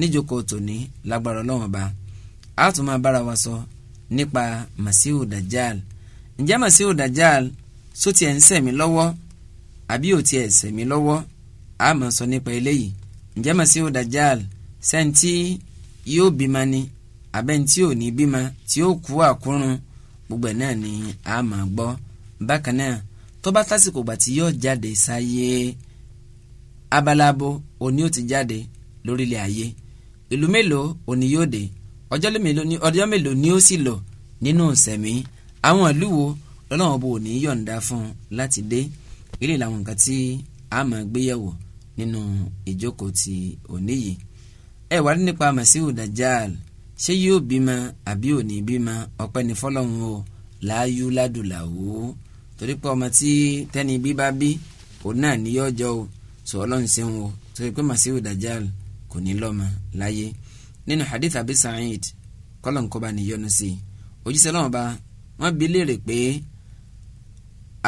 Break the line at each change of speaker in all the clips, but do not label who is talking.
níjókòó tòní lágbára ọlọ́wọ́n ba a tún máa bára wa sọ nípa masihu dajal ǹjẹ́ masihu dajjal só tiẹ̀ ń ṣẹ̀mí lọ́wọ́ àbí ò tiẹ̀ ṣẹ̀mí lọ́wọ́ a máa sọ nípa eléyìí ǹjẹ́ masihu dajjal sẹ́ńtì yóò bímọ ni abẹ́ntí ò ní bímọ tí ó kú àkúrun gbogbo ẹ̀ náà ni a máa gbọ́ bákan náà tó tásìkò gbà yóò jáde sáyé abalabo òní ó ti jáde lórílẹ̀ ayé ìlú mélòó òní yóò dé ọjọ́ mélòó ni ó sì lò nínú sẹ̀mí àwọn ìlú wo lọ́lọ́wọ́ bò ní yọ̀ǹda fún láti dé ilé làwọn nǹkan tí a máa gbéyẹ̀wò nínú ìjókòó ti òní yìí ẹ wá nípa Masihu Dajjal ṣé yóò bímọ àbí òní bímọ ọpẹ́ ní fọlọ́run o láàyú ládùláwò torí pé ọmọ tí tẹ́ni bí bá bí òun náà ní yọjọ́ o sọ ọlọ́run ṣeun o torí pé Masihu Dajjal kò ní lọ́mọ láyé nínú hadith abi sa'id kọ́lọ̀ nkọ́ba níyọnu sí i òjíṣẹ́ lọ́wọ́ bá wọ́n bi léèrè pé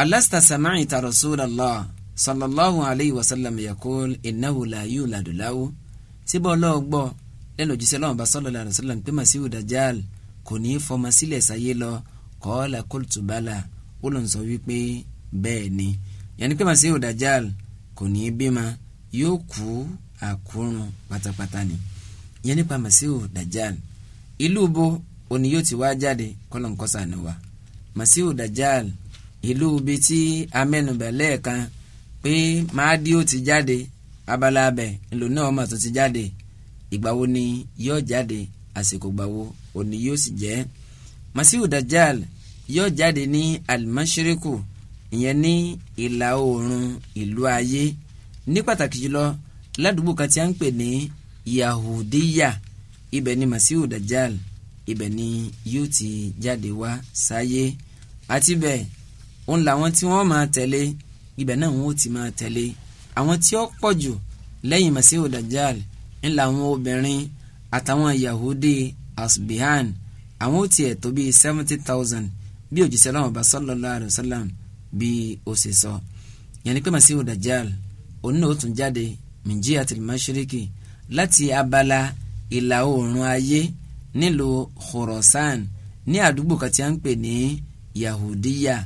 alasta sami'ta rasulallah sallallahu alayhi wa sallam yakul innahu la yuladu lahu síbọ̀ ọlọ́ọ̀gbọ́ lẹ́nu òjíṣẹ́ lọ́wọ́ bá sallallahu alayhi wa sallam pé masiwu dajjal kò ní í fọmọ sílẹ̀ sáyé lọ kọ́ọ́lá kóltùbálà ó ló ń wípé bẹ́ẹ̀ ni yẹnni pé masiwu dajjal kò ní bímọ yóò kú àkóràn pátápátá ni yẹn nípa masihu dajjal ìlú bo òní yóò ti wá jáde kọlọ̀nkọ́sà ni wa masihu dajjal ìlú bi tí amẹ́nubẹ̀ lẹ́ẹ̀kan pé máàdí ó ti jáde abala abẹ ìlú náà ọmọ tó ti jáde ìgbà ni yóò jáde àsìkò gbà wo òní yóò sì jẹ́ masihu dajjal yóò jáde ní alimashiriku ìyẹn ní ìlà oòrùn ìlú ayé ní pàtàkì jùlọ ládùúgbò kan tí a ń pè ní yahudiya ibẹ̀ ni masihu dajjal ibẹ̀ ni yóò ti jáde wá sáyé àti bẹ́ẹ̀ òun làwọn tí wọ́n máa tẹ̀lé ibẹ̀ náà wọ́n ti máa tẹ̀lé àwọn tí ó pọ̀ jù lẹ́yìn masihu dajjal ń làwọn obìnrin àtàwọn yahudi asbihan àwọn ó tiẹ̀ tó bíi seventy thousand bí òjíṣẹ́ lọ́wọ́ bá sallallahu alaihi wasallam bí ó ṣe sọ yẹn ni pé masihu dajjal òun náà ó tún jáde min jihatil mashiriki láti abala ìlà oòrùn ayé nílùú Khorasan ní àdúgbò kan tí a ń pè ní Yahudiya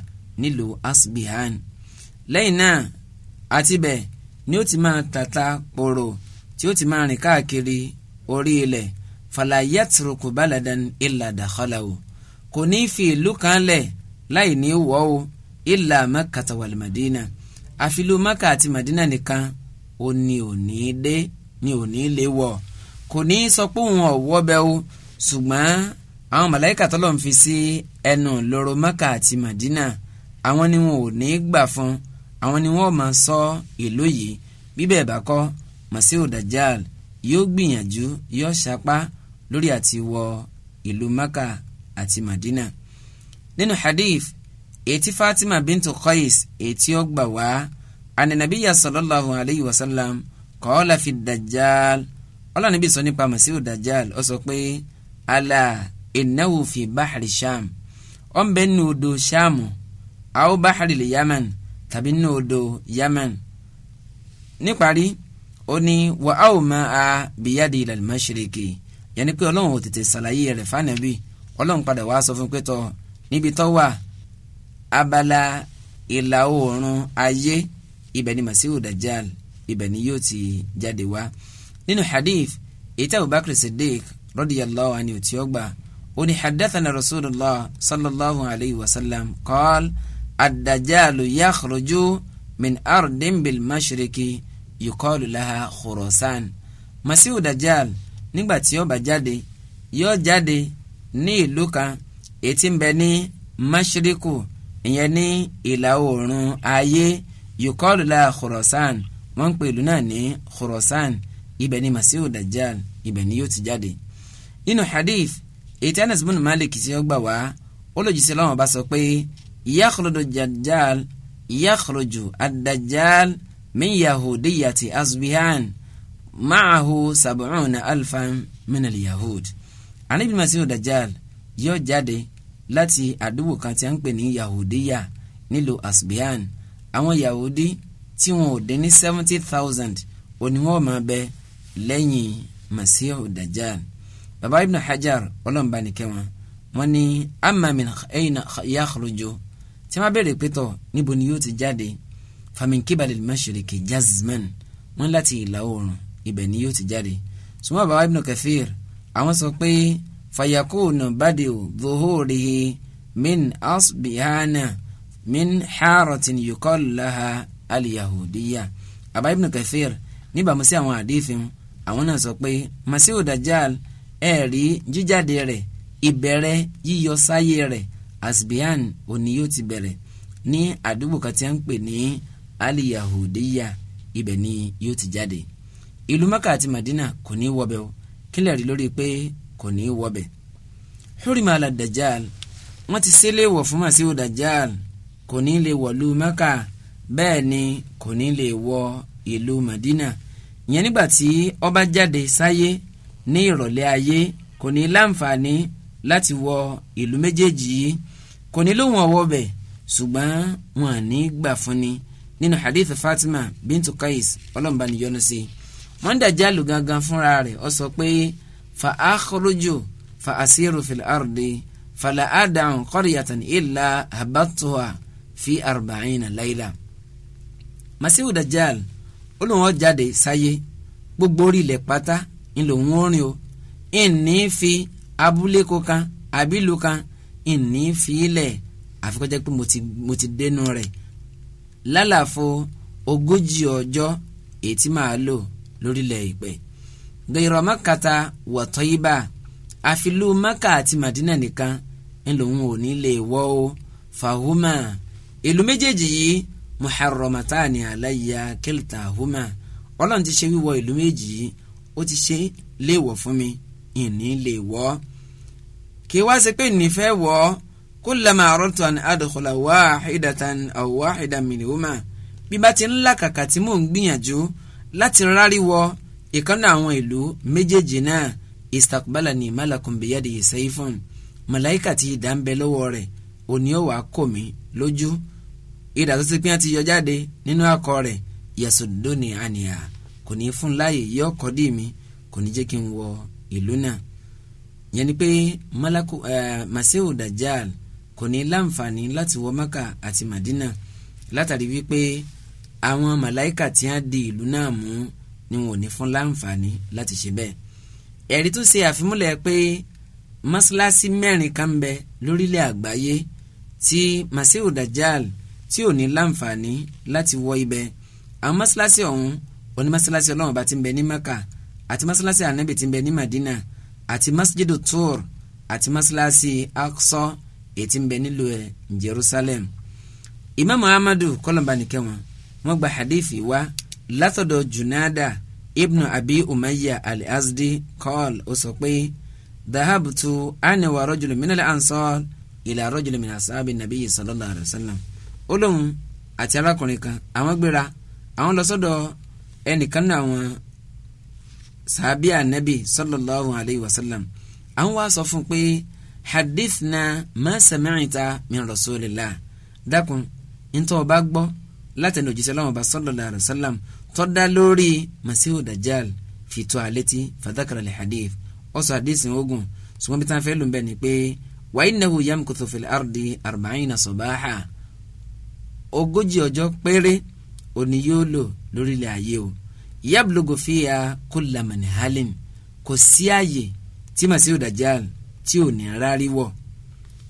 nílùú Asbihan lẹ́yìn náà àti ni ó ti máa tata kpòrò tí ó ti máa rìn káàkiri orí ilẹ̀ falayatruku baladan illa dakhalawo kò ní fi ìlú kan lẹ̀ láì ní wọ́ o illa Makkata wal Madina àfìlú Makka àti Madina nìkan ó ní òní dé ní òní lè wọ̀ kò ní sọ pé òun ọ̀wọ́ bẹ o ṣùgbọ́n àwọn màláìka tọ́lọ̀ ń fi sí ẹnu lóró Mẹ́kà àti Màdínà àwọn ni wọn ò ní gbà fún àwọn ni wọn ò máa sọ ìlú yìí bíbẹ̀ bá kọ́ Masiu Dajjal yóò gbìyànjú yóò ṣapá lórí àti wọ ìlú Mẹ́kà àti Màdínà nínú hadith ètí Fatima bintu Qais ètí ó gbà wá àní nàbíyà sallallahu alayhi wa sallam kọ́ọ́lá fi dajjal ọlọ́run níbi sọ nípa masiru dajjal ó sọ pé ala innahu fi bahari sham ó ń bẹ nínú odò shamu àwọn bahari lè yaman tàbí nínú odò yaman níparí ó ní wà á ò máa a bìyàdì ilal mashriqi yẹnni pé ọlọ́run ò tètè ṣàlàyé rẹ̀ fànàbí ọlọ́run padà wàá sọ fún pé tọ́ níbi tó wà abala ìlà oòrùn ayé ibẹ̀ ni masihu dajjal ibẹ̀ ni yóò ti jáde wá nínú hadith èyí tí abubakar siddiq radiyallahu anhu tí ó gbà ó ní hadathana rasulillah sallallahu alayhi wa sallam qaal adajalu yakhruju min ardin bil mashiriki yukọlu laha khurasan masihu dajjal nígbà tí ó bá jáde yóò jáde ní ìlú kan èyí ń bẹ ní mashiriku ìyẹn ní ìlà oòrùn ayé yòkọ́lù la Khurasan wọ́n ń pè ìlú náà ní Khurasan ibẹ̀ ni Masihu Dajjal ibẹ̀ ni yóò ti jáde. nínú hadith ètí Anas bin Malik tí ó gbà wá olójúṣe lọ́wọ́ bá sọ pé yakhruju Dajjal yakhruju ad-Dajjal min yahudiyati asbihan ma'ahu sab'una alfan min al-yahud. anabi Masihu Dajjal yóò jáde láti àdúgbò kan tí a ń pè ní yahudiya nílùú asbihan àwọn Yahudi tí wọn ò dé ní seventy thousand òní wọn máa bẹ lẹ́yìn Masihu Dajjal baba Ibn Hajar ọlọ́mba nìkẹ́ wọn wọn ni amamin ẹ̀yìnà yakhruju tí wọn bẹ̀rẹ̀ pétọ̀ níbo ni yóò ti jáde famin kibalil mashriqi jazman wọn láti ìlà oòrùn ibẹ̀ ni yóò ti jáde sùnmọ́ baba Ibn Kathir àwọn sọ pé fayakunu badiu dhuhurihi min asbihana min xaarotin yukol laha aliyahudiya aba ibn kathir níbàámu sí àwọn àdéhìfin àwọn náà sọ pé masiu dajjal ẹ̀rí jíjáde rẹ̀ ìbẹ̀rẹ̀ yíyọ sáyé rẹ̀ asbihan òní yóò ti bẹ̀rẹ̀ ní àdúgbò kan tí a ń pè ní aliyahudiya ibẹ̀ ni yóò ti jáde ìlú maka àti madina kò ní í wọbẹ̀ o kílẹ̀ rí lórí pé kò ní í wọbẹ̀ hurima ala dajjal ti sílé wọ̀ fún masiu dajjal kò ní lè wọ̀lú mẹ́kà bẹ́ẹ̀ ni kò ní lè wọ ìlú madina ìyẹn nígbà tí ó bá jáde sáyé ní ìrọ̀lẹ́ ayé kò ní láǹfààní láti wọ ìlú méjèèjì yìí kò ní lóhùn ọwọ́ bẹ̀ ṣùgbọ́n wọn à ní gbà fún ni nínú hadith Fatima bintu Qais ọlọ́mùbá ni yọ́nú sí wọ́n ń dàjà fúnra rẹ̀ ó sọ pé fa akhruju fa asiru fil ardi fala ada'u qaryatan illa habatuha fi arba'ina laila, masiwu dajjal olùwọ́n jáde sáyé gbogbo orí ilẹ̀ pátá ńlò ń o ìní fi abúlé kankan abílù kan ìní fi ilẹ̀ àfikọ́jẹ́ pé mo ti dénú rẹ̀ lálàfo ogójì ọjọ́ èyí tí màá lò lórílẹ̀ ìpẹ́ gẹ̀yọ̀rọ̀ mọ́kàtà wọ̀tọ́ yìí bá àfilú mọ́kà àti màdínà nìkan ńlò ń wò nílé wọ́ o fàhùmà ìlú méjèèjì yìí muharramatani alayya kiltahuma ọlọ́run ti ṣe wíwọ̀ ìlú méjì yìí ó ti ṣe léèwọ̀ fún mi ìní lè wọ̀ kí wá sí pé nífẹ̀ wọ̀ kullama aradtu an adkhula wahidatan aw wahidan minhuma bí bá ti ń làkàkà tí mò ń gbìyànjú láti ráríwọ ìkànnà àwọn ìlú méjèèjì náà istaqbalani malakun biyadihi sayfun màláìkà ti dá ń bẹ lọ́wọ́ rẹ̀ òní ó wàá kò mí lójú ìdá tó ti pín àti yọ jáde nínú akọ rẹ̀ yasudoni àníyà kò ní fún láàyè yọ ọkọ̀ dì mí kò ní jẹ́ kí n wọ ìlú náà yẹn ni pé malaku ẹ masiu dajal kò ní láǹfààní láti wọ maka àti madina látàrí wípé àwọn màláìkà tí a di ìlú náà mú ni wọn ò ní fún láǹfààní láti ṣe bẹ́ẹ̀ ẹ̀rí tó ṣe àfimúlẹ̀ pé mọ́ṣáláṣí mẹ́rin kan bẹ lórílẹ̀ àgbáyé tí masiu dajal tí ò ní láǹfààní láti wọ ibẹ̀ àwọn mọ́sálásí ọ̀hún oní mọ́sálásí ọlọ́run ti ń bẹ ní maka àti mọ́sálásí anabi ti ń bẹ ní madina àti masjidu tur àti mọ́sálásí aksọ èyí ti ń bẹ nílùú ẹ̀ jerusalem imaamu ahmadu kọlọmba nìkẹ́ wọn wọ́n gba hadith wa látọ̀dọ̀ junada ibnu abi umayya al-azdi kọ́ọ̀l ó sọ pé dahabtu ana wa rajulu minal ansar ila rajulu min asabi nabiyyi sallallahu alayhi wa ó lóun àti arákùnrin kan àwọn gbéra àwọn lọ sọ́dọ̀ ẹnìkan náà àwọn sàbíà nẹ́bì sallallahu alayhi wa sallam àwọn wá sọ fún un pé hadithna ma sami'ta min rasulillah dákun ntọ́ ọba gbọ́ látẹnu òjíṣẹ́ lọ́wọ́ ọba sallallahu alayhi wa sallam tọ́da lórí masihu dajjal fìtú àlétí fàdákàrà lè hadith ó sọ hadith ogun ṣùgbọ́n bí táwọn fẹ́ lò ń bẹ̀ ni pé wa innahu yamkuthu fil ardi arba'ina sabaha ogójì ọjọ́ péré òní yóò lò lórílẹ̀ ayé o yablogo fiya kulla man halim kò sí ààyè tí màsíù dajjal tí ò ní rárí wọ̀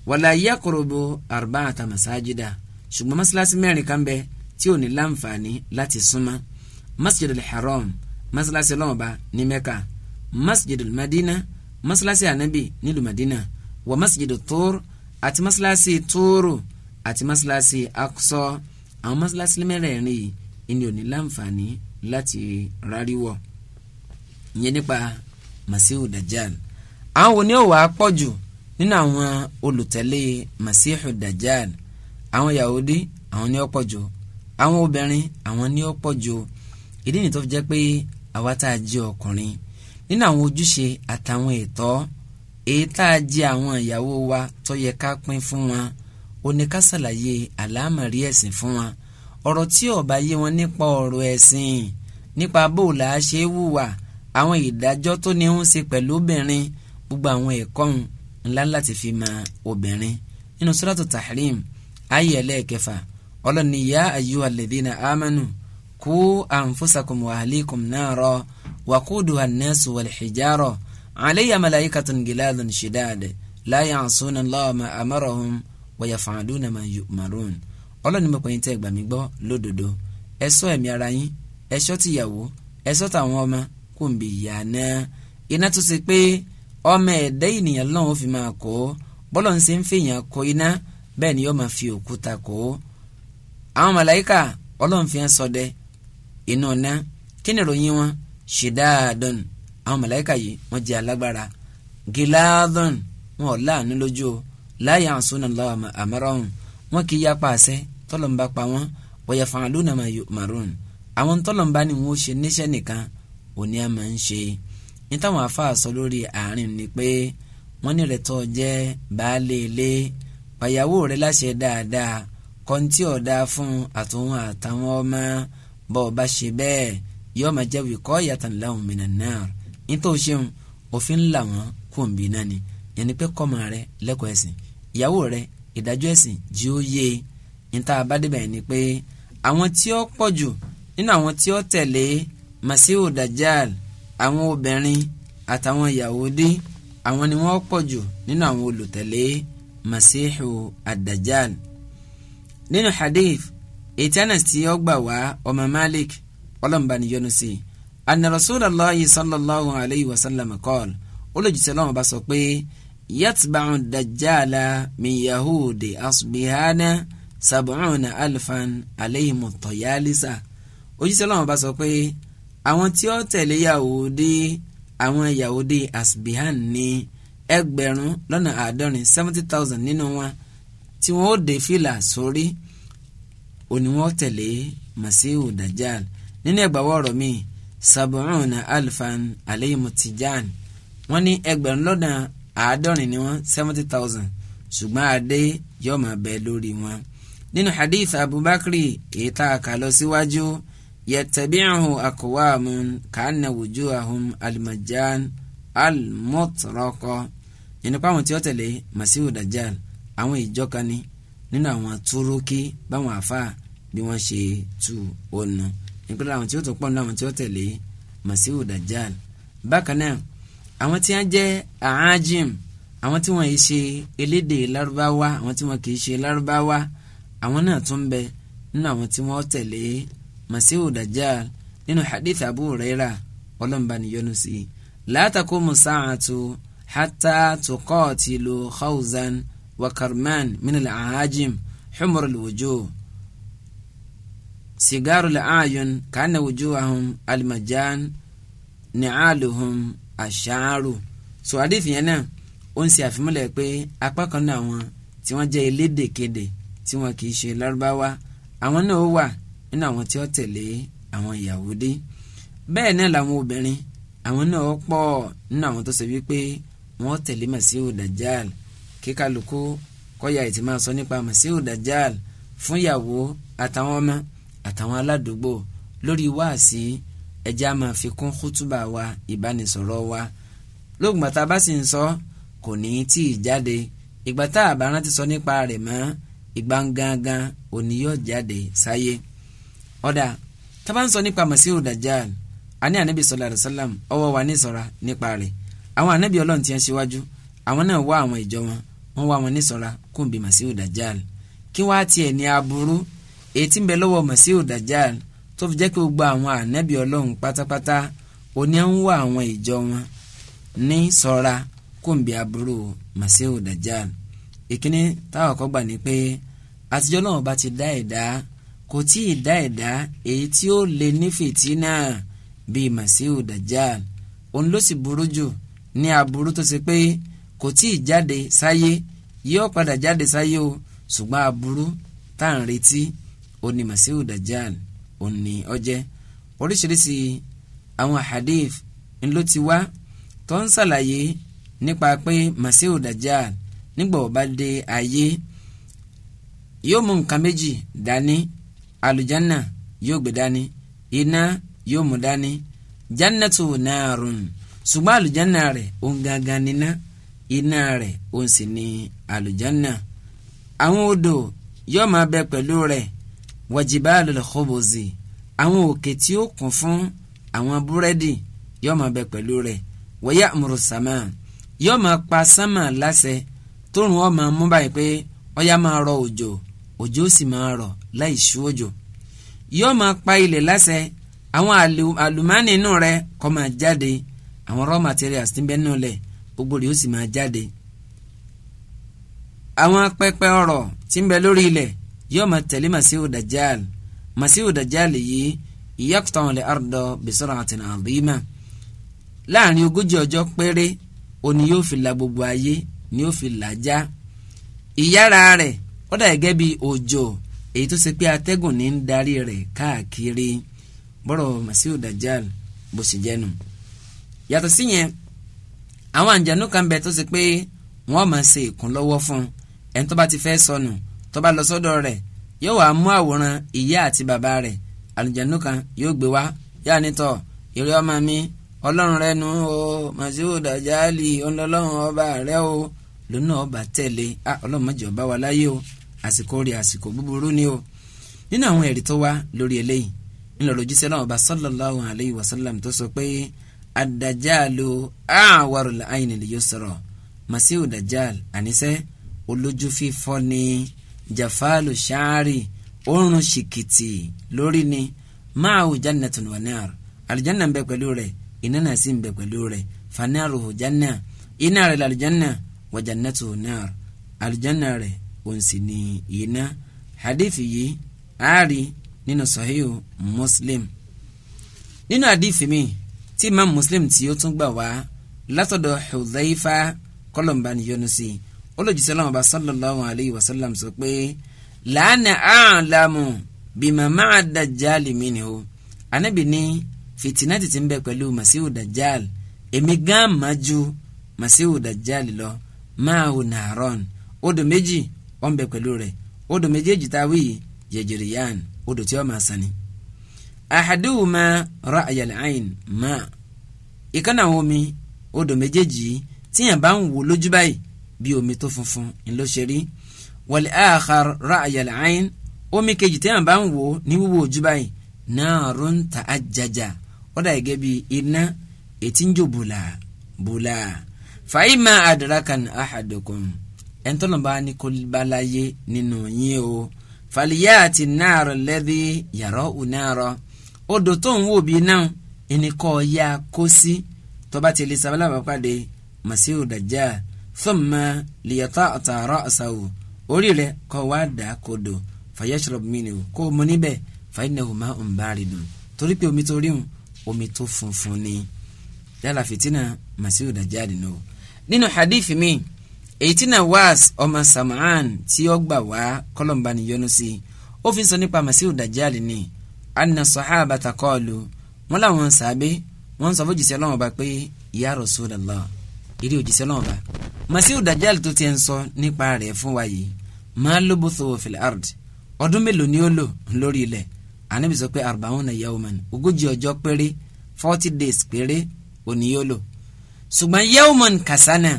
wàlá yakurubu arba'ata masajida ṣùgbọ́n masalasi mẹ́rin kan bẹ tí ò ní láǹfààní láti súnmọ́ masjid al-haram masalasi lọ́wọ́ba ní mẹ́ka masjid al-madina masalasi anabi nílùú madina wa masjid al-tur àti masalasi tuuru àti mọ́sálásí Aqsa àwọn mọ́sálásí mẹ́rẹ̀ẹ̀rin yìí ìní ò ní láǹfààní láti ráríwọ̀ ìyẹn nípa Masihu Dajjal àwọn wo ni ó wà á pọ̀ jù nínú àwọn olùtẹ̀lé Masihu Dajjal àwọn Yahudi àwọn ni ó pọ̀ jù àwọn obìnrin àwọn ni ó pọ̀ ìdí nìyí fi jẹ́ pé àwa tá a jẹ́ ọkùnrin nínú àwọn ojúṣe àtàwọn ẹ̀tọ́ èyí tá a jẹ́ àwọn ìyàwó wa tó yẹ ká pín fún wọn òní ká ṣàlàyé àlámọ̀rí ẹ̀sìn fún wọn ọ̀rọ̀ tí ó bá yé wọn nípa ọ̀rọ̀ ẹ̀sìn nípa bó la ṣe wùwà àwọn ìdájọ́ tó ní ń ṣe pẹ̀lú obìnrin gbogbo àwọn ẹ̀kọ́ ńlá láti fi mọ obìnrin nínú suratu tahrim ayé ẹlẹ́ẹ̀kẹfà ọlọ́ni ya ayyuha alladhina amanu ku anfusakum wa ahlikum naro wa quduha an-nasu wal hijaro alayha malaikatun giladun shidad la ya'suna allaha ma amarahum wọ́yà fàádùn náà máa yọ màrún ọlọ́ni mo pẹ̀yìn tẹ́ ẹ gbà mí gbọ́ lódodo ẹ ṣọ́ ẹ̀mí ara yín ẹ ṣọ́ tìyàwó ẹ ṣọ́ ọmọ kò ń bè yà náà iná tó ṣe pé ọmọ ẹ̀dá ènìyàn lọ́wọ́ fi máa kó bọ́lọ̀ ń ṣe ń fèèyàn kó iná bẹ́ẹ̀ ni yóò máa fi òkúta kó àwọn màláìkà ọlọ́run fi hàn sọdẹ inú ọ̀nà kí ni ìròyìn wọn ṣìdáàdọ́n àwọn màláìkà yìí wọ́n jẹ́ alágbára gíláàdọ́n wọn ò láàánú lójú o la ya'suna Allaha ma amarahum wọn kì í yapa àṣẹ tọ́lọ̀mbà pa wọn wa yaf'aluna ma yu'marun àwọn tọ́lọ̀mbà ni wọn ó ṣe níṣẹ́ nìkan òní a máa ń ṣe ní táwọn afáà sọ lórí àárín ni pé wọ́n ní rẹ̀ tọ́ jẹ́ baálé ilé pàyàwó rẹ̀ láṣẹ dáadáa kọ́ńtì ọ̀dà fún àtòun àtàwọn ọmọ bọ́ ọba ṣe bẹ́ẹ̀ yóò máa jẹ́ wíkọ́ yàtàn láwọn mìíràn náà nítorí ṣeun òfin ńlá kò ń bí náà ni yẹn pé kọ́mọ rẹ̀ lẹ́kọ̀ọ́ ẹ̀sìn ìyàwó rẹ ìdájọ́ ẹ̀sìn jí ó yé e níta abádébẹ̀ ni pé àwọn tí ó pọ̀ jù nínú àwọn tí ó tẹ̀lé Masihu dajal àwọn obìnrin àtàwọn Yahudi àwọn ni wọ́n pọ̀ jù nínú àwọn olùtẹ̀lé Masihu adajal dajjal nínú hadith ètí Anas tí ó gbà wá ọmọ Malik ọlọ́mùbáni yọnu sí anna Rasulullahi sallallahu alayhi wa sallam kọ́ọ̀lù olójútì ọlọ́run sọ pé yatba'u dajjala min yahudi asubihana sab'una alifan aleyhimu tọ̀yálísà òjíṣẹ́ Ọlọ́run bá sọ pé àwọn tí ó tẹ̀lé yahudi àwọn yahudi asbihan ní ẹgbẹ̀rún lọ́nà àádọ́rin seventy thousand nínú wọn tí wọ́n ó dé fìlà sórí òní tẹ̀lé masihu dajjal nínú ẹgbàwọ́ ọ̀rọ̀ mi sab'una alifan aleyhimu tijan wọ́n ní ẹgbẹ̀rún lọ́nà àádọ́rin ni wọ́n seventy thousand ṣùgbọ́n adé yóò máa bẹ lórí wọn. nínú hadith abubakri èyí tá a kà lọ síwájú yattabi'uhu aqwamun ka'anna wujuhahum al-majjan al-mutraqa yẹn nípa àwọn tí ó tẹ̀lé masihu dajjal àwọn ìjọ nínú àwọn túrókì báwọn àfa bí wọ́n ṣe tu ọ̀nà nípa àwọn tí ó tó pọ̀ nínú àwọn tí ó tẹ̀lé masihu dajjal bákan náà àwọn tí wọ́n jẹ́ ahajim àwọn tí wọ́n yìí ṣe elédè lárúbáwá àwọn tí wọ́n kì í ṣe lárúbáwá àwọn náà tún bẹ nínú àwọn tí wọ́n tẹ̀lé masihu dajjal nínú hadith abu rera ọlọ́mba níyọnu sí i látàkó musaatu hata tuqatilu khawzan wa karman minal ahajim humur alwujuh sigaru la'ayun kana wujuhahum almajan ni'aluhum àṣàrò so hadith yẹn náà ó ń ṣe àfimúlẹ̀ pé apá kan náà àwọn tí wọ́n jẹ́ elédèkedè tí wọn kì í ṣe lárúbáwá àwọn náà wà nínú àwọn tí ó tẹ̀lé àwọn Yahudi bẹ́ẹ̀ náà làwọn obìnrin àwọn náà pọ̀ nínú àwọn tó ṣe wípé wọ́n tẹ̀lé Masihu Dajjal kíkálukú kọ́yà ètí máa sọ nípa Masihu Dajjal fún ìyàwó àtàwọn ọmọ àtàwọn aládùúgbò lórí wáàsí ẹjẹ́ a máa fi kún kútúbà wa ìbánisọ̀rọ̀ wa lóògùn bàtà bá sì ń sọ kò ní í tí ì jáde ìgbà tá a bá rántí sọ nípa rẹ̀ mọ́ ìgbà gangan òní yóò jáde sáyé ọ̀dà tá bá ń sọ nípa Masihu Dajjal àní ànábì sallallahu alaihi ọwọ́ wa ní ìsọ̀ra nípa rẹ̀ àwọn ànábì ọlọ́run ti ń ṣíwájú àwọn náà wá àwọn ìjọ wọn wọ́n wá wọn ní ìsọ̀ra kùnbi Masihu kí wọ́n á tiẹ̀ ní aburú èyí tí ń bẹ lọ́wọ́ Masihu Dajjal tó fi jẹ́ pé gbogbo àwọn ànábì ọlọ́run pátápátá òní à ń wá àwọn ìjọ wọn ní ṣọ́ra kòǹbì aburú masihu dajjal ìkíní táwọn kọ́ gbà ní pé àtijọ́ náà bá ti dá ẹ̀dá kò tí ì dá ẹ̀dá èyí tí ó lè ní fìtínà bíi masihu dajjal òun ló sì burú jù ní aburú tó ṣe pé kò tí ì jáde sáyé yóò padà jáde sáyé o ṣùgbọ́n aburú tá à ń retí òní masihu dajjal òní ọjẹ́ oríṣiríṣi àwọn hadith ńlọ ti wá tó ń ṣàlàyé nípa pé Masihu Dajjal nígbà ó bá dé ayé yóò mú nǹkan méjì dání àlùjánà yóò gbé dání iná yóò mú dání jannatu naarun ṣùgbọ́n àlùjánà rẹ̀ òun gangan níná iná rẹ̀ òun sì ní àlùjánà àwọn odò yóò máa bẹ pẹ̀lú rẹ̀ wajibalul khubuzi àwọn òkè tí ó kún fún àwọn búrẹ́dì yóò máa bẹ pẹ̀lú rẹ̀ wa ya'muru sàmà yóò máa pa sánmà láṣẹ tóun wọn máa mú báyìí pé ọyá máa rọ òjò òjò sì máa rọ̀ láì ṣú òjò yóò máa pa ilẹ̀ láṣẹ àwọn àlùmánì inú rẹ̀ kó máa jáde àwọn raw materials tí ń bẹ nínú lẹ̀ gbogbo rẹ̀ ó sì máa jáde àwọn pẹpẹ ọrọ̀ tí ń bẹ lórí ilẹ̀ yóò máa tẹ̀lé masihu dajjal masihu dajjal yìí yaqta'u al-arda bi sur'atin 'azima láàrin ogójì ọjọ́ péré òní yóò fi la gbogbo ayé ni yóò fi là já ìyára rẹ̀ ó dà gẹ́gẹ́ bí òjò èyí tó ṣe pé atẹ́gùn ní ń darí rẹ̀ káàkiri bọ́rọ̀ masihu dajjal bó ṣe jẹ́nu yàtọ̀ síyẹn àwọn àǹjànú kan bẹ tó ṣe pé wọ́n máa ṣe ìkúnlọ́wọ́ fún ẹni bá ti fẹ́ sọnù so tó bá lọ sọ́dọ̀ rẹ̀ yóò wá mú àwòrán ìyá àti bàbá rẹ̀ àlùjànnú kan yóò gbé wá yá nítọ̀ ìrẹ́ ọmọ mi ọlọ́run rẹ nu o màsíwò dàjáàlì ọlọ́run ọba rẹ o lónà ọba tẹ̀lé a ọlọ́run mọ̀jẹ̀ ọba wa láyé o àsìkò rí àsìkò búburú ni o nínú àwọn ẹ̀rí tó wá lórí eléyìí ńlọrọ̀ jíṣẹ́ náà ọba sallallahu alayhi wa sallam tó sọ pé àdàjáàlù àwàrò àyìnlẹ̀ yóò sọ̀rọ̀ màsíwò dàjáàlì àníṣẹ́ olójú fífọ́ ni jafalu ṣaari oorun shikiti, lórí ni máa wù jannatun wa nar alijanna ń bẹ pẹ̀lú rẹ̀ iná náà bẹ pẹ̀lú rẹ̀ fanaru hù janna iná rẹ̀ lalijanna wa jannatu hù nar alijanna rẹ̀ òun ni, ní iná hadithi yìí aari nínú sahihu muslim nínú hadithi mi tí imam muslim tí ó tún gbà wá látọ̀dọ̀ Hudhaifa kọlọ̀mbá yọnu sí i olójúṣe náà bá sallallahu alayhi wa sallam sọ pé làánà àlàmù bima ma'a dajjal minhu anábì ní fìtínà ti ti ń bẹ pẹ̀lú masihu dajjal èmi gán máa ju masihu dajjal lọ máa hù nàárọ̀n odò méjì wọ́n bẹ pẹ̀lú rẹ̀ odò méjèèjì tá a wí jẹjẹrẹ yàn odò tí wọ́n máa sani. ahaduhuma ra'yal ayn máa ìkànnà omi odò méjèèjì tíyàn bá ń wò lójú báyìí bí omi tó funfun ńlọ ṣe rí wal akhar ra'yal ayn omi kejì tí àbá ń wò ní wíwò ojú báyìí narun ta'ajjaja ó dà gẹ́gẹ́ bí iná ètí ń jò bùlà bùlà fa imma adrakan ahadukum ẹ̀ńtọ́nàbá ni kò bá láyé nínú yín o fàlìyà àti náàrọ̀ lẹ́dí yàrá ònàrọ̀ odò tó ń wò bí náà ẹnì kọ́ ya kó sí tọ́ba ti lè sábàlábà pàdé màsíù dàjà thumma liyata'ta ra'sahu orí rẹ̀ kọ́ wá dà kodo fayashrab minhu kó o mu níbẹ̀ fa innahu ma'un baridun torí pé omi tó ríhun omi tó funfun ni yálà fìtínà masiu dajjal nù. nínú hadith mi èyí tí náà wáàs ọmọ sam'an tí ó gbà wá kọlọmba níyọnu sí i ó fi sọ nípa masiu dajjal ni anna sahabata qalu wọn làwọn sàbẹ wọn sọ fún jìṣẹ́ lọ́wọ́ pé ya Rasulullah ìrí òjìṣẹ́ lọ́wọ́ bá masiu dajal tó tiẹ̀ ń sọ nípa rẹ̀ fún wa yìí máa lóbo sọ̀wọ́ fìlẹ̀ ard ọdún mélòó ni ó lò lórí ilẹ̀ ànábì sọ pé arbaun na yawman ogójì ọjọ́ péré forty days péré òní yóò lò ṣùgbọ́n yawman kasana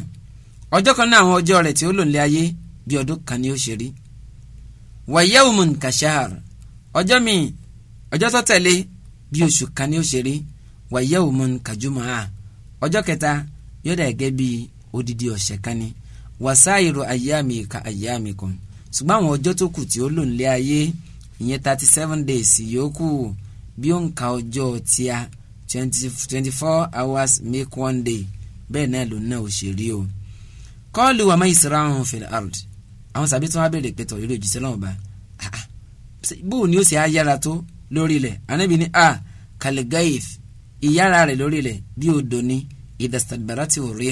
ọjọ́ kan náà àwọn ọjọ́ rẹ̀ tí ó lò nílé ayé bí ọdún kan ni ó ṣe rí wa yawman kashahar ọjọ́ mi ọjọ́ tó tẹ̀lé bí oṣù kan ni ó ṣe rí wa yawman kajumaa ọjọ́ kẹta yóò dà gẹ́gẹ́ bíi odidi ọ̀sẹ̀ kan ni wàsáìrò àyàmì ka àyàmì kan ṣùgbọ́n àwọn ọjọ́ tó kù tí ó lò nílé ayé ìyẹn thirty seven days yòókù bí ó ń ka ọjọ́ tíá twenty four hours make one day bẹ́ẹ̀ náà ló náà ò ṣe rí o. kọ́ọ̀lù wàmọ́ ìṣẹ̀rọ àwọn fil ard àwọn sàbí tí wọ́n béèrè pẹ̀tọ̀ eré òjíṣẹ́ náà bá bóun ni ó sì á yára tó lórí ilẹ̀ anábì ní a ah, kàlẹ́gáìf ìyára rẹ̀ lórí ilẹ̀ bí odò ní ìdàstàdàbàrà tí ò rí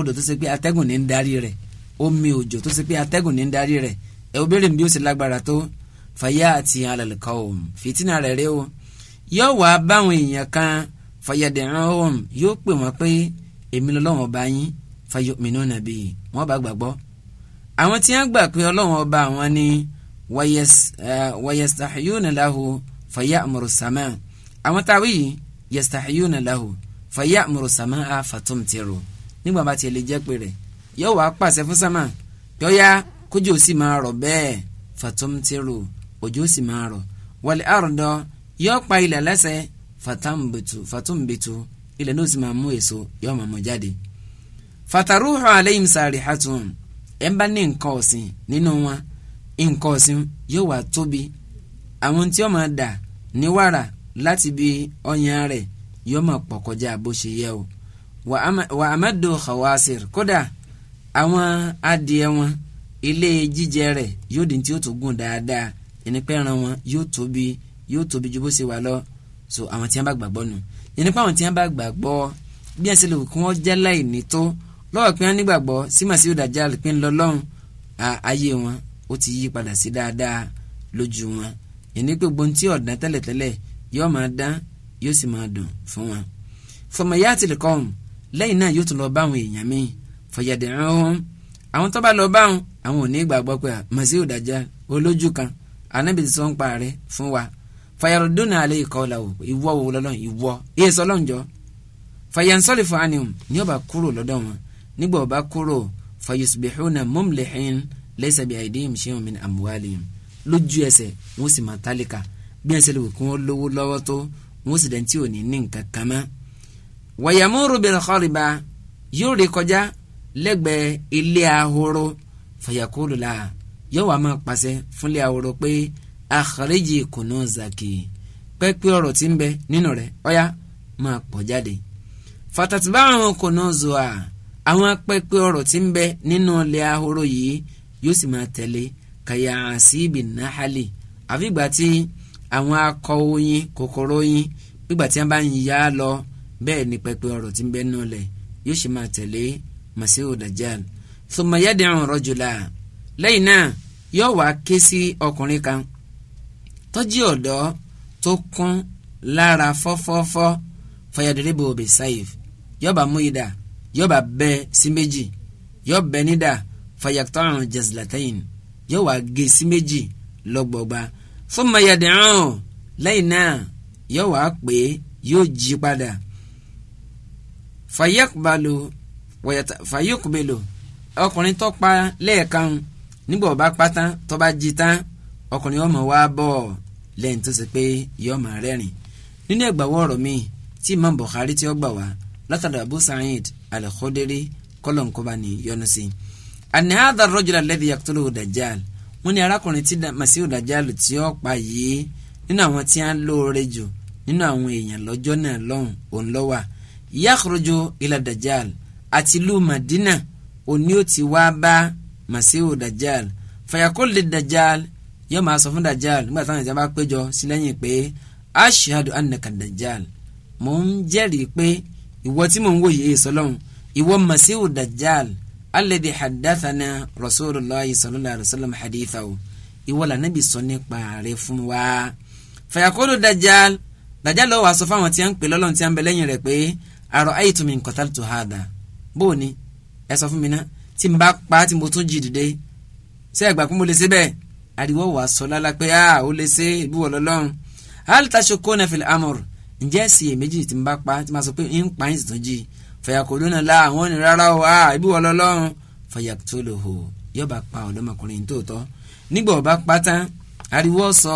odò tó ṣe pé atẹ́gùn ní ń darí rẹ̀ omi òjò tó ṣe pé atẹ́gùn ní ń darí rẹ̀ ẹ̀ obìnrin bí ó ṣe lágbára tó fàyà àti alàlùkọ́ òun fìtínà rẹ̀ rẹ̀ o yóò wá báwọn èèyàn kan fàyàdẹ̀rán òun yóò pè wọ́n pé èmi lọ́wọ́ ọba yín fàyọ mìíràn nàbí wọ́n bá gbàgbọ́ àwọn tí wọ́n gbà pé ọlọ́wọ́ ọba eh, àwọn ni wàyẹ̀sàhìyónà láhù fàyà àmọ̀rọ̀sàmà àwọn táwí yẹ̀sàhìyónà fàyà àmọ̀rọ̀sàmà àfàtúntìrò nígbà bá tiẹ̀ lè jẹ́ pé rẹ̀ yóò wá pàṣẹ fún sámà ya kójú ó sì máa rọ̀ bẹ́ẹ̀ fatomtiro òjò sì máa rọ̀ wọlé àrùndọ́ yóò pa ilẹ̀ lẹ́sẹ̀ fatambetu ilẹ̀ náà sì máa mú èso yóò máa mọ̀ jáde. fataruhu aleyhim sari hatun ẹ̀ ń bá ní nǹkan ọ̀sìn nínú wọn nǹkan ọ̀sìn yóò wá tóbi àwọn tí ó máa dà láti bí ọyàn rẹ̀ yóò máa pọ̀ kọjá o. wa amadu khawasir kódà àwọn adìẹ wọn ilé jíjẹ rẹ̀ yóò di tí yóò tó gùn dáadáa ìnípẹ́ ẹran wọn yóò tóbi yóò tóbi ju bó ṣe wà lọ so àwọn tí wọn bá gbàgbọ́ nù ìnípẹ́ àwọn tí wọn bá gbàgbọ́ bí ẹ̀ ṣe lè kí wọ́n jẹ́ láì ní tó lọ́wọ́ pé wọ́n nígbàgbọ́ sí Masihu Dajjal pé ń lọ lọ́hùn ayé wọn ó ti yí padà sí dáadáa lójú wọn ìní pé gbogbo tí ọ̀dán tẹ́lẹ̀tẹ́lẹ̀ yóò máa dán yóò sì máa dùn fún wọn. fọmọ ìyá àti lẹ́yìn náà yóò tún lọ bá àwọn èèyàn míì fọyàdẹ̀rán wọn àwọn tó bá lọ bá wọn àwọn ò ní gbàgbọ́ pé ah, Masihu Dajjal olójú kan Ànábì ti sọ ń pa rẹ̀ fún wa fayaruduna alẹ́ ìkọ́ la o ìwọ lọ́lọ́ ìwọ iye sọ lọ́njọ́ fayansọ́lì fún anihun ní ó bá kúrò lọ́dọ̀ wọn nígbà ó kúrò fayusbihuna mumlihin laysa bi aidihim shay'un min amwalihim lójú ẹsẹ̀ wọ́n sì máa tálíkà bí ẹsẹ̀ lè wò kí wọ́n lówó lọ́wọ́ tó wọ́n sì dẹ́ntì òní ní nǹkan kan mọ́ wàyàmúrú bẹ̀rẹ̀ kọ́rìbà yóò rí kọjá lẹ́gbẹ̀ẹ́ ilé ahoro fàyàkúrò la yóò wá máa pàṣẹ fúnlé ahoro pé àkàrẹ́jì kùnú zàkì pẹ́pẹ́ ọ̀rọ̀ tí ń bẹ nínú rẹ̀ ọ̀yá máa pọ̀ jáde fàtàtìbá àwọn kùnú zoa àwọn pẹ́pẹ́ ọ̀rọ̀ tí ń bẹ nínú ilé ahoro yìí yóò sì máa tẹ̀lé kàyà àṣìbì náhálì àfìgbà tí àwọn akọ oyin kòkòrò oyin gbígbà tí bá ń yá lọ bẹ́ẹ̀ ni pẹpẹ ọ̀rọ̀ tí ń bẹ nínú lẹ̀ yóò ṣe máa tẹ̀lé masihu dajjal thumma yad'u rajula lẹ́yìn náà yóò wá ké sí ọkùnrin kan tọ́jú ọ̀dọ́ tó kún lára fọ́fọ́fọ́ fayadribu bisayf yóò bá mú idà yóò bá bẹ́ sí méjì yóò bẹ́ nídà fayaqta'u jazlatayn yóò wá gé sí méjì lọ́gbọ̀gba thumma yad'u lẹ́yìn náà yóò wá pé yóò jí padà fàyẹ́kùbálò wọ̀yẹ̀tà fàyẹ́kùbélò ọkùnrin tó pa lẹ́ẹ̀kan nígbà ọba pátá tó bá jí tán ọkùnrin ọmọ wa bọ̀ lẹ́yìn tó ṣe pé yọmọ rẹ́rìn nínú ẹgbàwọ́ ọ̀rọ̀ mi tí Imam Bukhari tí ó gbà wá látàdà Abu Sa'id al-Khudri kọ́lọ̀nkọ́ba ni yọnu sí i àní hadha ar-rajula alladhi yaqtuluhu Dajjal wọ́n arákùnrin tí Masihu Dajjal tí ó pa yìí nínú àwọn tí a ń lóore jù nínú àwọn èèyàn lọ́jọ́ náà lọ́hùn òun lọ́wà yakhruju ila dajjal àti ìlú madina òní ó ti wá bá masihu dajjal fayakul lid dajjal yóò máa sọ fún dajjal nígbà táwọn ìjọba péjọ sí lẹ́yìn pé ashihadu annaka dajjal mò ń jẹ́rìí pé ìwọ tí mò ń wòye sọlọ́n ìwọ masihu dajjal alẹ́dẹ̀ hadathana rasulillahi sallallahu alayhi wa sallam haditha o ìwọ la nabi sọ nípa rẹ̀ fún wa fayakulu dajjal dajjal ló wá sọ fáwọn tí a ń pè lọ́lọ́n tí a ń bẹ lẹ́yìn rẹ̀ pé àrò ayétumi nkọtàlì tó ha dà bóò ni ẹ sọ fún mi ná tí n bá pa tí mo tún jí dìde ṣé ẹgbà pé mo lè ṣe bẹ́ẹ̀ ariwo wà sọ lálá pé a ò lè ṣe ìbúwọ lọ́lọ́run alitaṣo kóna fìlẹ amọr ǹjẹ́ sì èméjì tí n bá pa tí ma sọ pé ń pa yín sì jí fàyàkó lónà la àwọn ò ní rárá o a ìbúwọ lọ́lọ́run fàyàkó tó lò hó yọba pa ọlọ́mọkùnrin tóòtọ́ nígbà ọba pátá ariwo sọ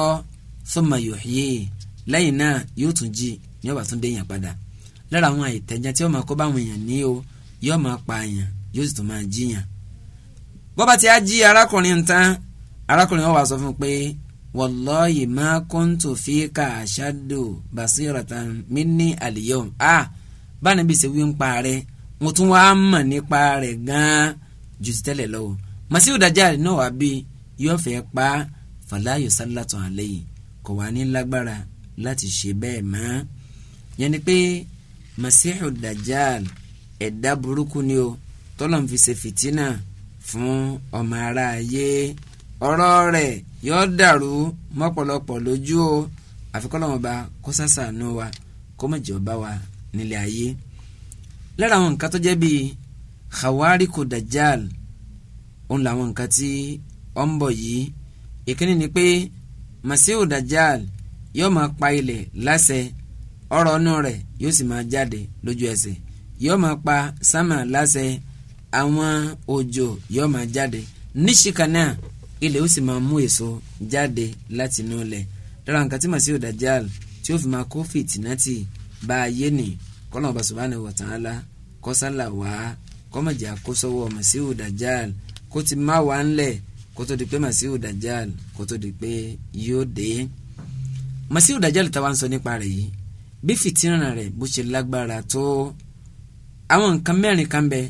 sọmọ yòòhìyè lẹ́yìn náà yóò tún jí ní ọba tún déyàn padà lára àwọn ìtẹ̀já tí ó máa kó báwọn èèyàn ní o yóò máa pa èèyàn yóò sì tún máa jíyàn. bọ́bá ti á jí arákùnrin tán arákùnrin wọn wá sọ fún un pé wallahi ma kuntu fika ashaddu basiratan minni al-yawm a báni bí ṣe wí ń pa rẹ mo tún wá mọ̀ nípa rẹ̀ gan-an ju ti tẹ́lẹ̀ lọ́wọ́ Masihu Dajjal náà wá bí yóò fẹ́ pa fala yusallatu alayhi kò wá ní lágbára láti ṣe bẹ́ẹ̀ mọ́ yẹn ni pé masihu dajjal ẹ̀dá burúkú ni o tọ́lọ́n fi ṣe fìtínà fún ọmọ ara ayé ọ̀rọ̀ rẹ̀ yóò dàrú mọ́pọ̀lọpọ̀ lójú o àfikọ́lọ́wọ́n ba kó sàṣàánú wa kó má jẹ́ ọba wa nílé ayé lára àwọn nǹkan tó jẹ́ bíi khawariku dajjal òun làwọn nǹkan tí ó ń bọ̀ yìí ìkíní ni pé masihu dajjal yóò máa pa ilẹ̀ láṣẹ ọ̀rọ̀ inú rẹ̀ yóò sì máa jáde lójú ẹsẹ̀ yóò máa pa sámà láṣẹ àwọn òjò yóò máa jáde níṣìkan náà ilẹ̀ ó sì máa mú èso jáde láti inú ilẹ̀ dára nǹkan tí màsí òdàjáàl tí ó fi máa kó fìtínátì bá ayé nì kọ́nà ọba subhanahu wa ta'ala kọ́sálà wá kọ́mọ̀jà kó sọ́wọ́ màsí òdàjáàl kó ti má wá ńlẹ̀ kó tó di pé màsí òdàjáàl kó tó di pé yóò dé màsí òdàjáàl táwa ń sọ nípa rẹ̀ yìí bí fìtínà rẹ̀ bó ṣe lágbára tó àwọn nǹkan mẹ́rin kan bẹ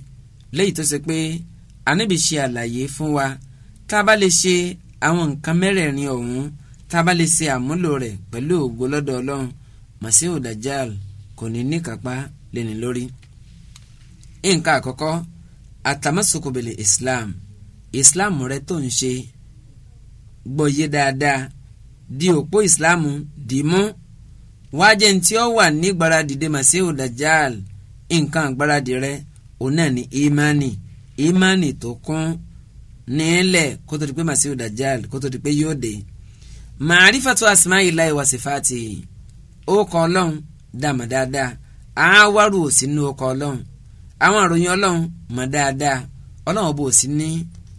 lẹ́yìn tó ṣe pé ànábì ṣe àlàyé fún wa tá a bá lè ṣe àwọn nǹkan mẹ́rẹ̀ẹ̀rin ọ̀hún tá a bá lè ṣe àmúlò rẹ̀ pẹ̀lú ògo lọ́dọ̀ ọlọ́run Masihu Dajjal kò ní níkàpá lẹ́ni lórí. nǹkan àkọ́kọ́ àtàmásokòbèlè Islam Islam rẹ tó ń ṣe gbọ́yé dáadáa di òpó Islam dì mú wá jẹ́ ní tí ó wà ní gbáradì dè Masihu Dajjal nǹkan gbáradì rẹ òun náà ni imani imani tó kún nílẹ̀ kó tó di pé Masihu Dajjal kó tó di pé yóò dé màrífàtú asma'illahi wa sifati ó kọ ọlọ́run dàmọ̀ dáadáa àáwárò òsì nínú ọkọ̀ ọlọ́run àwọn àròyìn ọlọ́run mọ̀ dáadáa ọlọ́run bò sí ní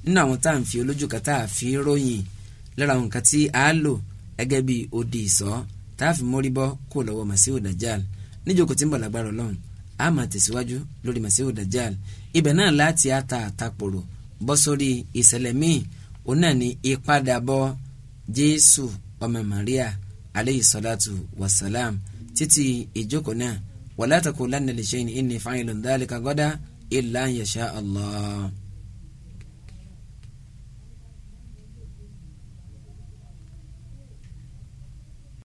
nínú àwọn tá à ń fi olójú kàtà fi ròyìn lára àwọn nǹkan tí a lò gẹ́gẹ́ bí odi ìsọ́ táàfin mórí bọ́ kó lọ́wọ́ masihu dajjal níjókòó tí ń bọ̀ lágbára ọlọ́run a máa tẹ̀síwájú lórí masihu dajjal ibẹ̀ náà láti ata àtakpòrò bọ́ sórí ìṣẹ̀lẹ̀ míì òun náà ni ìpadàbọ̀ jésù ọmọ maria aleyhi salatu wa salam títí ìjókòó náà wala taqulanna li shay'in inni fa'ilun dhalika ghadan illa an yasha Allah.